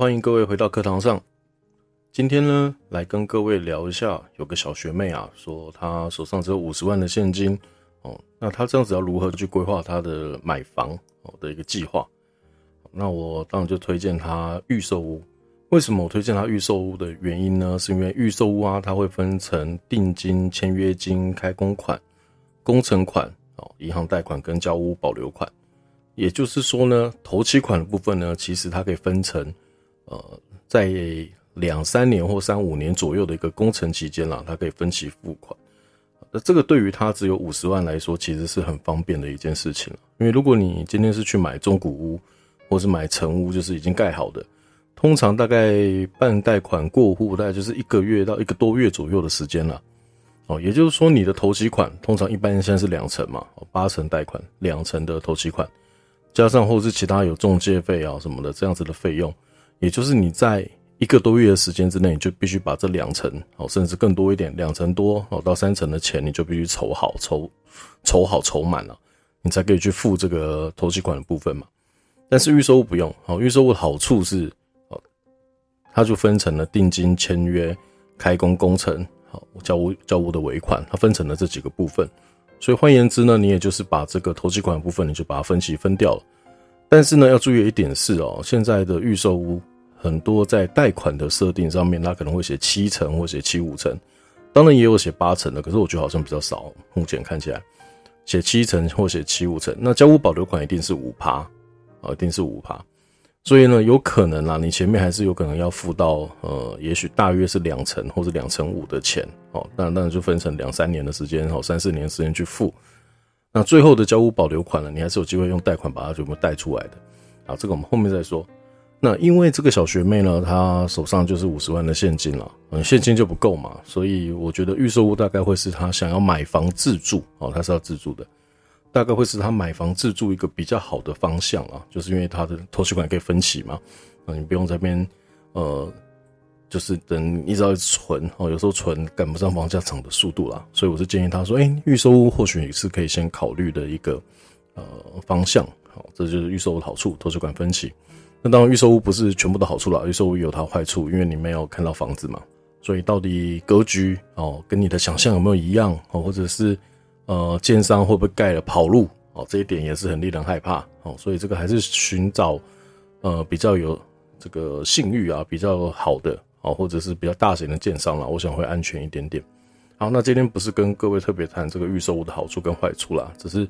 歡迎各位回到課堂上。今天呢，來跟各位聊一下，有個小學妹啊，說她手上只有五十萬的現金哦，那她這樣子要如何去規劃她的買房的一個計劃？那我當然就推薦她預售屋。為什麼我推薦她預售屋的原因呢？是因為預售屋啊，它會分成定金、簽約金、開工款、工程款、哦，銀行貸款跟交屋保留款。也就是說呢，頭期款的部分呢，其實它可以分成。呃，在兩三年或三五年左右的一個工程期間啦，它可以分期付款。那這個對於他只有五十萬來說，其實是很方便的一件事情。因為如果你今天是去買中古屋，或是買成屋，就是已經蓋好的，通常大概辦貸款過戶，大概就是一個月到一個多月左右的時間了。哦，也就是說，你的頭期款通常一般現在是兩成嘛，八成貸款，兩成的頭期款，加上或是其他有中介費啊什麼的這樣子的費用。也就是你在一個多月的時間之內，你就必須把這兩成哦，甚至更多一點，兩成多哦到三成的錢，你就必須籌好、籌籌好、籌滿了，你才可以去付這個頭期款的部分嘛。但是預售屋不用哦，預售屋的好處是哦，它就分成了定金、簽約、開工、工程、好交屋、交屋的尾款，它分成了這幾個部分。所以換言之呢，你也就是把這個頭期款的部分，你就把它分期分掉了。但是呢，要注意一點是哦，現在的預售屋。很多在貸款的設定上面，他可能會寫七成或寫七五成，當然也有寫八成的，可是我覺得好像比較少。目前看起來，寫七成或寫七五成，那交屋保留款一定是五趴啊，一定是五趴。所以呢，有可能啊，你前面還是有可能要付到呃，也許大約是兩成或者兩成五的錢哦，喔、當然、當然就分成兩三年的時間哦、喔，三四年的時間去付。那最後的交屋保留款呢，你還是有機會用貸款把它全部貸出來的啊，這個我們後面再說。那因為這個小學妹呢，她手上就是五十萬的現金了，嗯，現金就不夠嘛，所以我覺得預售屋大概會是她想要買房自住，哦，她是要自住的，大概會是她買房自住一個比較好的方向啊，就是因為她的頭期款可以分期嘛，啊，你不用在那邊，呃，就是等一直在存，哦，有時候存趕不上房價漲的速度啦，所以我是建議她說，哎、欸，預售屋或許你是可以先考慮的一個，呃，方向，好，這就是預售屋的好處，頭期款分期。那當然，預售屋不是全部的好處啦。預售屋有它壞處，因為你沒有看到房子嘛，所以到底格局哦，跟你的想象有沒有一樣哦，或者是呃，建商會不會蓋了跑路哦，這一點也是很令人害怕哦，所以這個還是尋找呃比較有這個信譽啊，比較好的哦，或者是比較大型的建商啦。我想會安全一點點。好，那今天不是跟各位特別談這個預售屋的好處跟壞處啦，只是。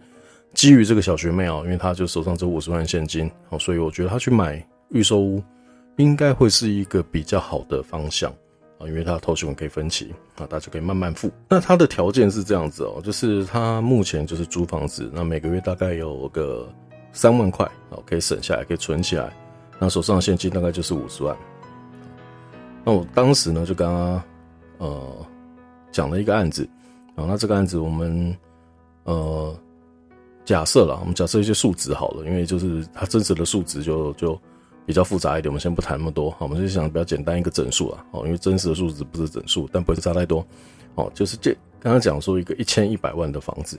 基於這個小學妹啊、喔，因為她就手上只有五十萬現金，所以我覺得她去買預售屋，應該會是一個比較好的方向啊，因為她頭期款可以分期啊，大家可以慢慢付。那她的條件是這樣子哦、喔，就是她目前就是租房子，那每個月大概有個三萬塊，可以省下來，可以存起來，那手上的現金大概就是五十萬。那我當時呢就跟她呃講了一個案子啊、呃，那這個案子我們呃。假設啦，我們假設一些數值好了，因為就是它真實的數值就就比較複雜一點，我們先不談那麼多。好，我們就想比較簡單一個整數啊。哦，因為真實的數值不是整數，但不會差太多。哦，就是這剛剛講說一個一千一百萬的房子，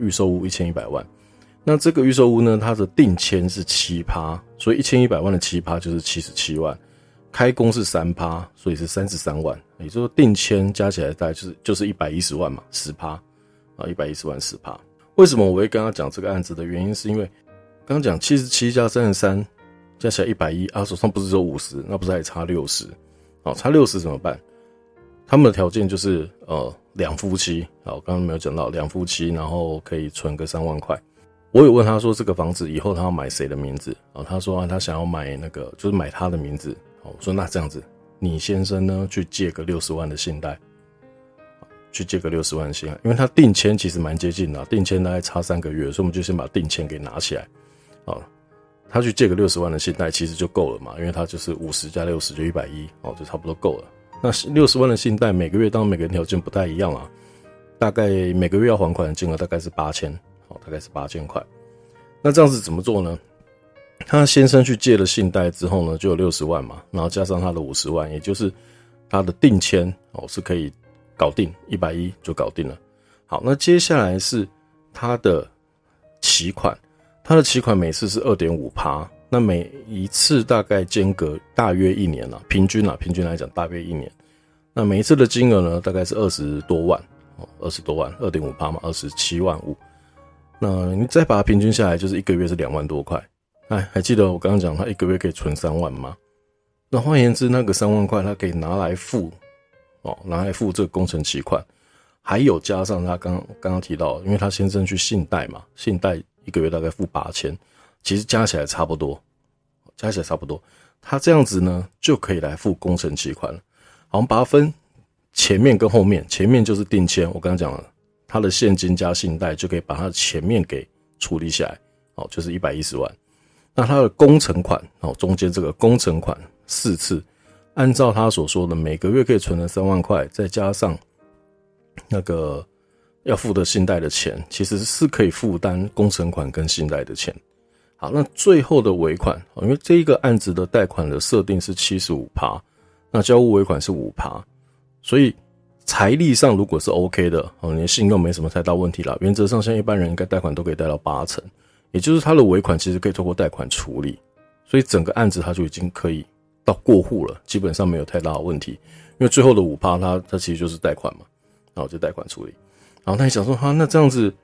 預售屋一千一百萬，那這個預售屋呢，它的定簽是七趴，所以一千一百萬的七趴就是七十七萬，開工是三趴，所以是三十三萬，也就是說定簽加起來大概就是就是一百一十萬嘛，十趴啊，一百一十萬十趴。為什麼我會跟他講這個案子的原因，是因為剛剛講七十七加三十三加起來一百一啊，手上不是只有五十，那不是還差六十？哦，差六十怎麼辦？他們的條件就是呃兩夫妻，哦，剛剛沒有講到兩夫妻，然後可以存個三萬塊。我有問他說這個房子以後他要買誰的名字？啊、哦，他說、啊、他想要買那個，就是買他的名字。哦，我說那這樣子，你先生呢去借個六十萬的信貸。去借個六十萬信貸，因為他定簽其實蠻接近的啊，定簽大概差三個月，所以我們就先把定簽給拿起來，哦，他去借個六十萬的信貸其實就夠了嘛，因為他就是五十加六十就一百一，哦，就差不多夠了。那六十萬的信貸每個月，當然每個人條件不太一樣啊，大概每個月要還款的金額大概是八千，哦，大概是八千塊。那這樣子怎麼做呢？他先生去借了信貸之後呢，就有六十萬嘛，然後加上他的五十萬，也就是他的定簽哦，是可以。搞定一百一就搞定了。好，那接下來是它的期款，它的期款每次是二點五趴，那每一次大概間隔大約一年了啊，平均啊，平均來講大約一年。那每一次的金額呢，大概是二十多萬哦，二十多萬，二點五趴嘛，二十七萬五。那你再把它平均下來，就是一個月是兩萬多塊。哎，還記得我剛剛講他一個月可以存三萬嗎？那換言之，那個三萬塊他可以拿來付。然後來付這個工程期款，還有加上他剛剛剛提到，因為他先生去信貸嘛，信貸一個月大概付八千，其實加起來差不多，加起來差不多，他這樣子呢就可以來付工程期款了。好，我們把它分，前面跟後面，前面就是訂簽，我剛才講了，他的現金加信貸就可以把他的前面給處理起來，哦，就是一百一十萬。那他的工程款，哦，中間這個工程款四次。按照他所說的，每個月可以存了三萬塊，再加上那個要付的信貸的錢，其實是可以負擔工程款跟信貸的錢。好，那最後的尾款，因為這一個案子的貸款的設定是七十五趴，那交屋尾款是五趴，所以財力上如果是 OK 的哦，你的信用沒什麼太大問題啦。原則上，像一般人應該貸款都可以貸到八成，也就是他的尾款其實可以通過貸款處理，所以整個案子他就已經可以。到過戶了，基本上沒有太大的問題，因為最後的五趴，它它其實就是貸款嘛，那我就貸款處理。然後他也想說，哈、啊，那這樣子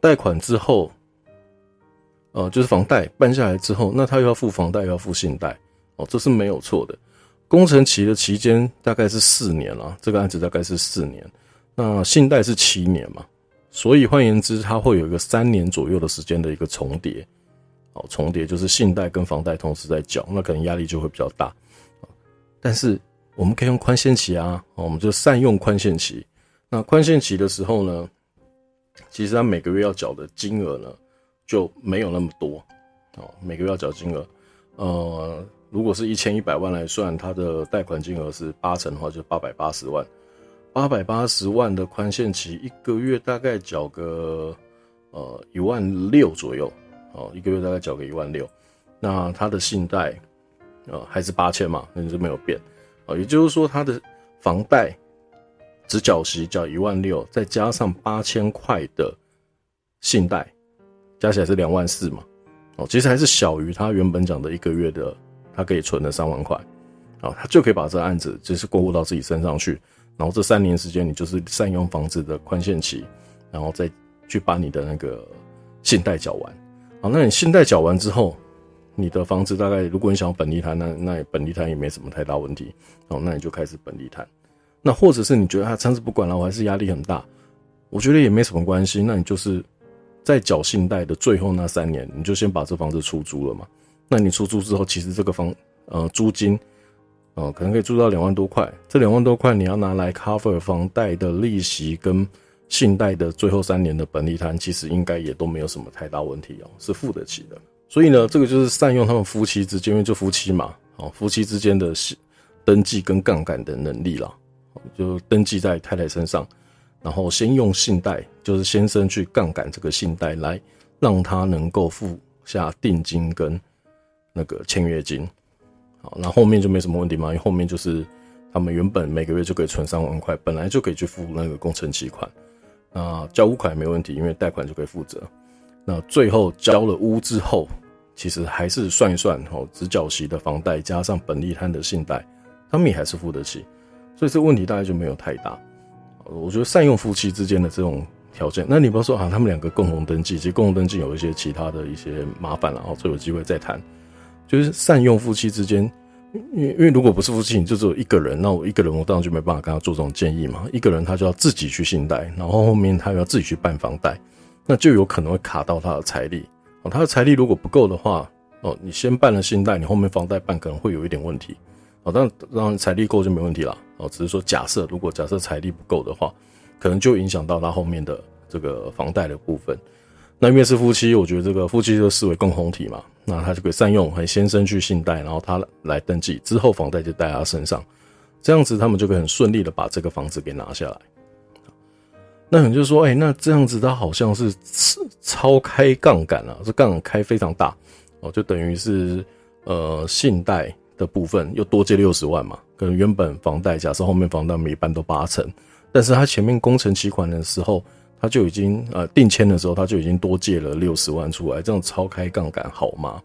貸款之後，呃，就是房貸辦下來之後，那他又要付房貸，又要付信貸，哦，這是沒有錯的。工程期的期間大概是四年啊，這個案子大概是四年，那信貸是七年嘛，所以換言之，他會有一個三年左右的時間的一個重疊，哦，重疊就是信貸跟房貸同時在繳，那可能壓力就會比較大。但是我們可以用寬限期啊，我們就善用寬限期。那寬限期的時候呢，其實他每個月要繳的金額呢就沒有那麼多啊。每個月要繳金額，呃，如果是一千一百萬來算，它的貸款金額是八成的話，就八百八十萬。八百八十萬的寬限期一、呃，一個月大概繳個呃一萬六左右啊，一個月大概繳個一萬六。那它的信貸。呃，還是八千嘛，那就沒有變，哦，也就是說他的房貸只繳息繳一萬六，再加上八千塊的信貸，加起來是兩萬四嘛，哦，其實還是小於他原本講的一個月的，他可以存了三萬塊，哦，他就可以把這個案子就是過戶到自己身上去，然後這三年時間你就是善用房子的寬限期，然後再去把你的那個信貸繳完，好，那你信貸繳完之後。你的房子大概，如果你想要本利攤，那那也本利攤也沒什麼太大問題哦。那你就開始本利攤。那或者是你覺得他暫時不管了，我還是壓力很大，我覺得也沒什麼關係。那你就是在繳信貸的最後那三年，你就先把這房子出租了嘛。那你出租之後，其實這個房呃租金，呃可能可以租到兩萬多塊。這兩萬多塊你要拿來 cover 房貸的利息跟信貸的最後三年的本利攤，其實應該也都沒有什麼太大問題哦，是付得起的。所以呢，這個就是善用他們夫妻之間，因為就夫妻嘛，哦，夫妻之間的信登記跟槓桿的能力啦，就登記在太太身上，然後先用信貸，就是先生去槓桿這個信貸，來讓他能夠付下定金跟那個簽約金，好，那後面就沒什麼問題嘛，因為後面就是他們原本每個月就可以存三萬塊，本來就可以去付那個工程期款，那交屋款也沒問題，因為貸款就可以負責，那最後交了屋之後。其實還是算一算，吼，只繳息的房貸加上本利攤的信貸，他們也還是付得起，所以這問題大概就沒有太大。我覺得善用夫妻之間的這種條件，那你不要說啊，他們兩個共同登記，其實共同登記有一些其他的一些麻煩了、啊，哦，所以有機會再談，就是善用夫妻之間，因為因為如果不是夫妻，你就只有一個人，那我一個人我當然就沒辦法跟他做這種建議嘛，一個人他就要自己去信貸，然後後面他又要自己去辦房貸，那就有可能會卡到他的財力。哦，他的財力如果不夠的話，哦，你先辦了信貸，你後面房貸辦可能會有一點問題。哦，當然財力夠就沒問題了。哦，只是說假設如果假設財力不夠的話，可能就影響到他後面的這個房貸的部分。那因為是夫妻，我覺得這個夫妻就視為共同體嘛，那他就可以善用，很先生去信貸，然後他來登記之後，房貸就貸他身上，這樣子他們就可以很順利的把這個房子給拿下來。那可能就說，哎、欸，那這樣子他好像是。超開槓桿啊，這槓桿開非常大哦，就等於是呃，信貸的部分又多借六十萬嘛，可能原本房貸假設後面房貸每一半都八成，但是他前面工程期款的時候，他就已經呃定簽的時候，他就已經多借了六十萬出來，這樣超開槓桿好嗎？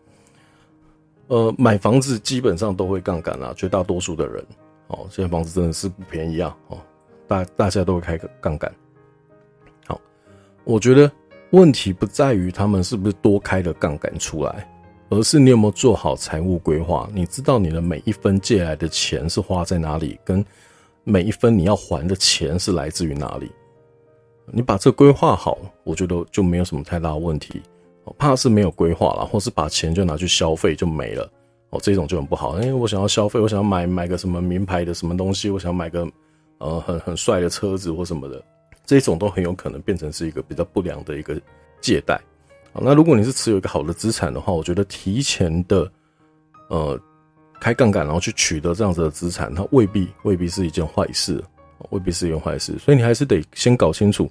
呃，買房子基本上都會槓桿啊，絕大多數的人哦，現在房子真的是不便宜啊，哦，大大家都會開槓桿，好，我覺得。問題不在於他們是不是多開了槓桿出來，而是你有沒有做好財務規劃。你知道你的每一分借來的錢是花在哪裡，跟每一分你要還的錢是來自於哪裡。你把這規劃好，我覺得就沒有什麼太大的問題。怕是沒有規劃了，或是把錢就拿去消費就沒了。哦，這種就很不好。因為我想要消費，我想要買買個什麼名牌的什麼東西，我想買個呃很很帥的車子或什麼的。這種都很有可能變成是一個比較不良的一個借貸，好，那如果你是持有一個好的資產的話，我覺得提前的呃開槓桿，然後去取得這樣子的資產，它未必未必是一件壞事，未必是一件壞事，所以你還是得先搞清楚，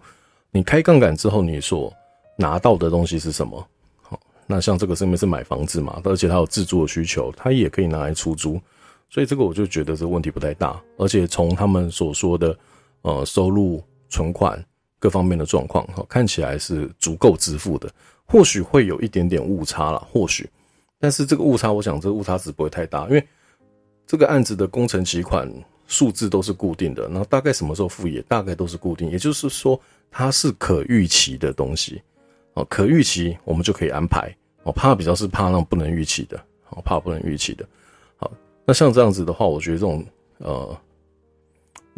你開槓桿之後你所拿到的東西是什麼。好，那像這個上面是買房子嘛，而且它有自住的需求，它也可以拿來出租，所以這個我就覺得這問題不太大，而且從他們所說的呃收入。存款各方面的狀況，哈，看起來是足夠支付的，或許會有一點點誤差啦，或許，但是這個誤差，我想這個誤差值不會太大，因為這個案子的工程期款數字都是固定的，那大概什麼時候付也大概都是固定，也就是說它是可預期的東西，哦，可預期我們就可以安排，我怕比較是怕那不能預期的，我怕不能預期的，好，那像這樣子的話，我覺得這種呃。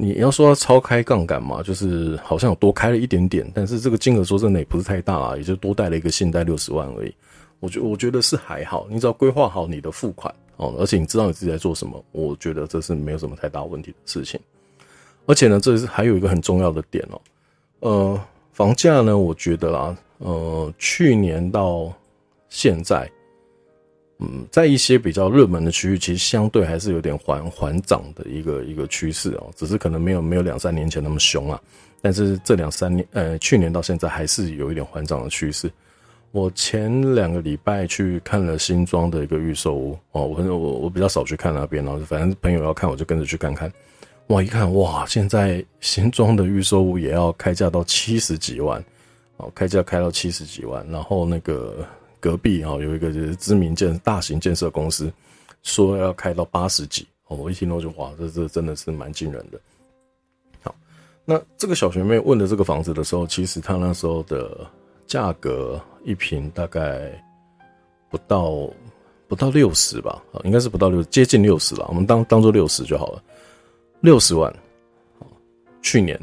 你要說要超開槓桿嘛，就是好像有多開了一點點，但是這個金額說真的也不是太大，也就多貸了一個信貸六十萬而已。我覺得我覺得是還好，你只要規劃好你的付款哦，而且你知道你自己在做什麼，我覺得這是沒有什麼太大問題的事情。而且呢，這是還有一個很重要的點哦，呃，房價呢，我覺得啦，呃，去年到現在。嗯，在一些比較熱門的區域，其實相對還是有點緩緩漲的一個一個趨勢哦，只是可能沒有沒有兩三年前那麼凶啊。但是這兩三年，呃，去年到現在還是有一點緩漲的趨勢。我前兩個禮拜去看了新莊的一個預售屋哦，我我我比較少去看那邊哦，反正朋友要看我就跟着去看看。哇，一看，哇，現在新莊的預售屋也要開價到七十幾萬哦，開價開到七十幾萬，然後那個。隔壁啊，有一個就是知名建大型建設公司，說要開到八十幾哦，我一聽到就哇，這這真的是蠻驚人的。好，那這個小學妹問的這個房子的時候，其實她那時候的價格一坪大概不到不到六十吧，應該是不到六十，接近六十吧，我們當當做六十就好了，六十萬。去年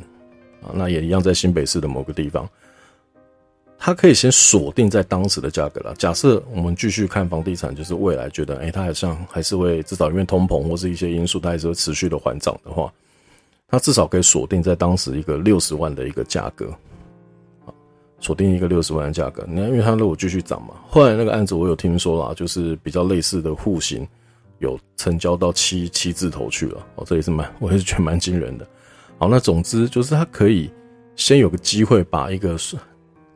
啊，那也一樣在新北市的某個地方。他可以先鎖定在當時的價格啦。假設我們繼續看房地產，就是未來覺得，誒，它好像還是會至少因為通膨或是一些因素，它還是會持續的還漲的話，它至少可以鎖定在當時一個六十萬的一個價格，好，鎖定一個六十萬的價格。那因為它如果繼續漲嘛，後來那個案子我有聽說啦，就是比較類似的戶型有成交到七七字頭去了。哦，這也是蠻，我還是覺得蠻驚人的。好，那總之就是它可以先有個機會把一個。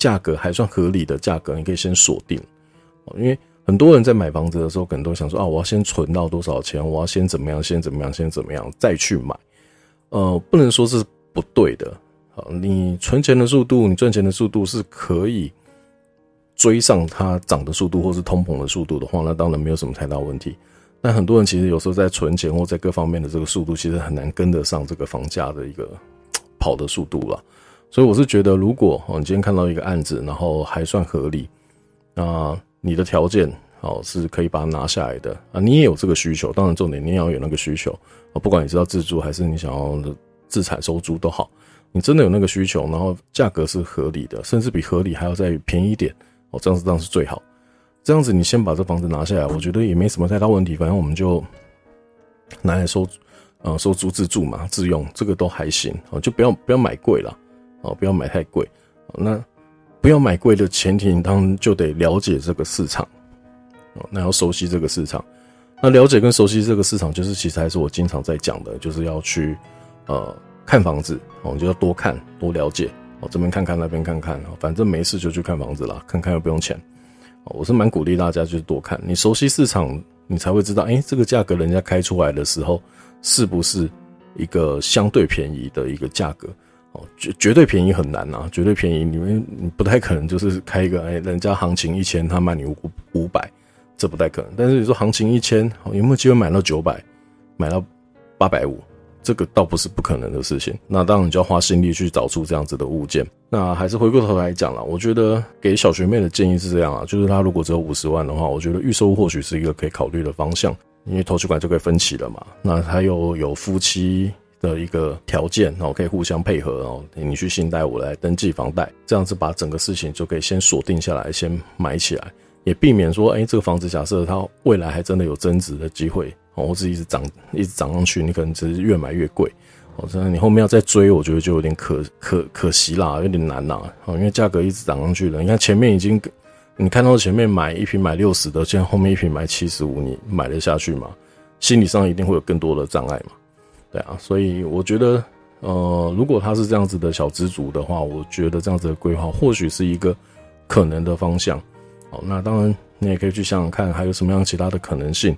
價格還算合理的價格，你可以先鎖定，因為很多人在買房子的時候，可能都想說啊，我要先存到多少錢，我要先怎麼樣，先怎麼樣，先怎麼樣再去買。呃，不能說是不對的，你存錢的速度，你賺錢的速度是可以追上它漲的速度，或是通膨的速度的話，那當然沒有什麼太大問題。但很多人其實有時候在存錢或在各方面的這個速度，其實很難跟得上這個房價的一個跑的速度了。所以我是覺得，如果哦，你今天看到一個案子，然後還算合理，呃，那你的條件好是可以把它拿下來的啊，你也有這個需求。當然，重點你也要有那個需求啊，不管你是要自住還是你想要自產收租都好，你真的有那個需求，然後價格是合理的，甚至比合理還要再便宜一點哦，這樣子當然是最好。這樣子你先把這房子拿下來，我覺得也沒什麼太大問題，反正我們就拿來收租、呃、收租自住嘛，自用這個都還行，就不要不要買貴了。哦，不要買太貴。那不要買貴的前提，當然就得了解這個市場。哦，那要熟悉這個市場。那了解跟熟悉這個市場，就是其實還是我經常在講的，就是要去呃看房子。我們就要多看多了解，哦，這邊看看那邊看看，反正沒事就去看房子啦，看看又不用錢。我是蠻鼓勵大家去多看。你熟悉市場，你才會知道，哎、欸，這個價格人家開出來的時候是不是一個相對便宜的一個價格？哦，絕絕對便宜很難吶、啊，絕對便宜，你們你不太可能就是開一個，哎，人家行情一千，他賣你五五百，這不太可能。但是你說行情一千，哦，有沒有機會買到九百，買到八百五，這個倒不是不可能的事情。那當然，你就要花心力去找出這樣子的物件。那還是回過頭來講了，我覺得給小學妹的建議是這樣啊，就是她如果只有五十萬的話，我覺得預售或許是一個可以考慮的方向，因為頭期款就可以分期了嘛。那還有有夫妻。的一個條件哦，可以互相配合哦。你去信貸，我來登記房貸，這樣子把整個事情就可以先鎖定下來，先買起來，也避免說，哎、欸，這個房子假設它未來還真的有增值的機會哦，或是一直漲，一直漲上去，你可能只是越買越貴哦。所以你後面要再追，我覺得就有點可可可惜啦，有點難啦哦，因為價格一直漲上去了。你看前面已經，你看到前面買一坪買六十的，現在後面一坪買七十五，你買得下去嗎？心理上一定會有更多的障礙嘛。對啊，所以我覺得，呃，如果他是這樣子的小資族的話，我覺得這樣子的規劃或許是一個可能的方向。哦，那當然你也可以去想想看，還有什麼樣其他的可能性。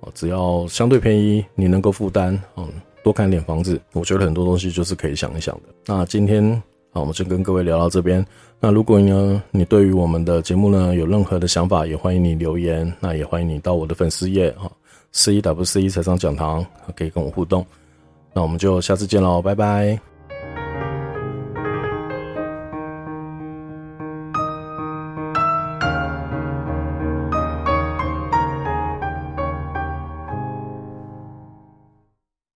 哦，只要相對便宜，你能夠負擔，嗯，多看點房子，我覺得很多東西就是可以想一想的。那今天啊，我們就跟各位聊到這邊。那如果呢，你對於我們的節目呢有任何的想法，也歡迎你留言。那也歡迎你到我的粉絲頁啊，CWC 財商講堂，可以跟我互動。那我們就下次見嘍，拜拜。